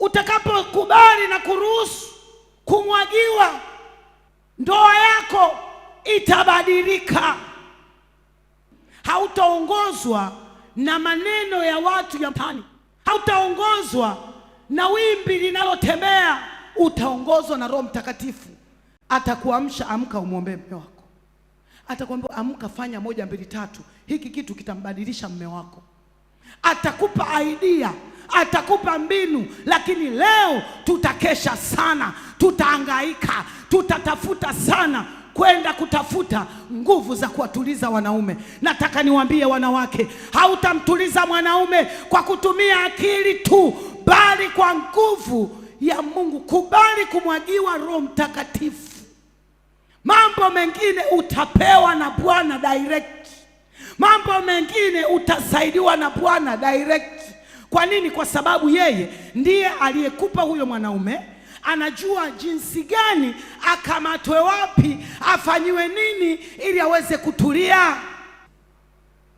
utakapokubali na kuruhusu kumwagiwa, ndoa yako itabadilika. Hautaongozwa na maneno ya watu ya mtaani, hautaongozwa na wimbi linalotembea, utaongozwa na Roho Mtakatifu. Atakuamsha, amka umwombee mume wako. Atakwambia amka, fanya moja mbili tatu, hiki kitu kitambadilisha mume wako. Atakupa idea atakupa mbinu, lakini leo tutakesha sana, tutaangaika, tutatafuta sana kwenda kutafuta nguvu za kuwatuliza wanaume. Nataka niwaambie wanawake, hautamtuliza mwanaume kwa kutumia akili tu, bali kwa nguvu ya Mungu. Kubali kumwagiwa Roho Mtakatifu. Mambo mengine utapewa na Bwana direct, mambo mengine utasaidiwa na Bwana direct. Kwa nini? Kwa sababu yeye ndiye aliyekupa huyo mwanaume, anajua jinsi gani akamatwe, wapi afanyiwe nini, ili aweze kutulia.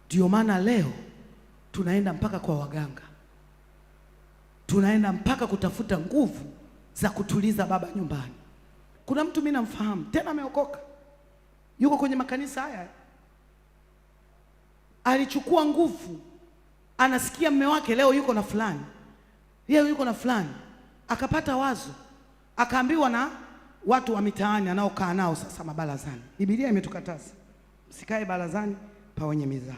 Ndiyo maana leo tunaenda mpaka kwa waganga, tunaenda mpaka kutafuta nguvu za kutuliza baba nyumbani. Kuna mtu mimi namfahamu tena, ameokoka, yuko kwenye makanisa haya, alichukua nguvu anasikia mme wake leo yuko na fulani, yeye yuko na fulani, akapata wazo, akaambiwa na watu wa mitaani anaokaa nao sasa mabarazani. Biblia imetukataza msikae barazani pa wenye mizaa.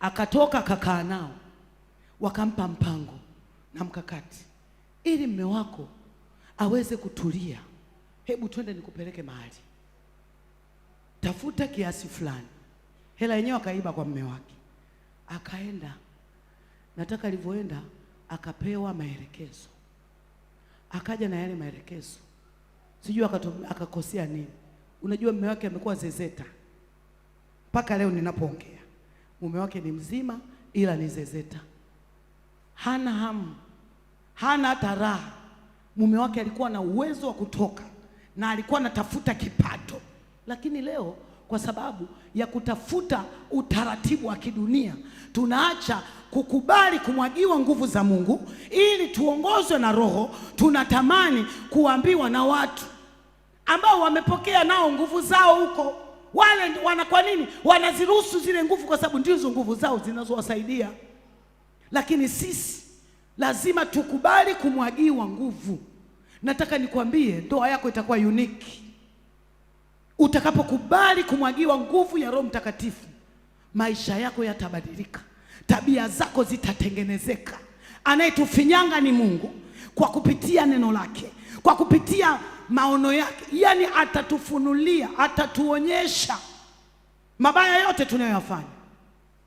Akatoka akakaa nao, wakampa mpango na mkakati, ili mme wako aweze kutulia, hebu twende nikupeleke mahali, tafuta kiasi fulani. Hela yenyewe akaiba kwa mme wake Akaenda nataka alivyoenda, akapewa maelekezo, akaja na yale maelekezo, sijui akakosea nini. Unajua mume wake amekuwa zezeta mpaka leo ninapoongea, mume wake ni mzima, ila ni zezeta, hana hamu, hana hata raha. Mume wake alikuwa na uwezo wa kutoka na alikuwa anatafuta kipato, lakini leo kwa sababu ya kutafuta utaratibu wa kidunia, tunaacha kukubali kumwagiwa nguvu za Mungu ili tuongozwe na Roho. Tunatamani kuambiwa na watu ambao wamepokea nao nguvu zao huko, wale wana, kwa nini wanaziruhusu zile nguvu? Kwa sababu ndizo nguvu zao zinazowasaidia, lakini sisi lazima tukubali kumwagiwa nguvu. Nataka nikwambie, ndoa yako itakuwa unique. Utakapokubali kumwagiwa nguvu ya Roho Mtakatifu, maisha yako yatabadilika, tabia zako zitatengenezeka. Anayetufinyanga ni Mungu kwa kupitia neno lake, kwa kupitia maono yake, yaani atatufunulia, atatuonyesha mabaya yote tunayoyafanya.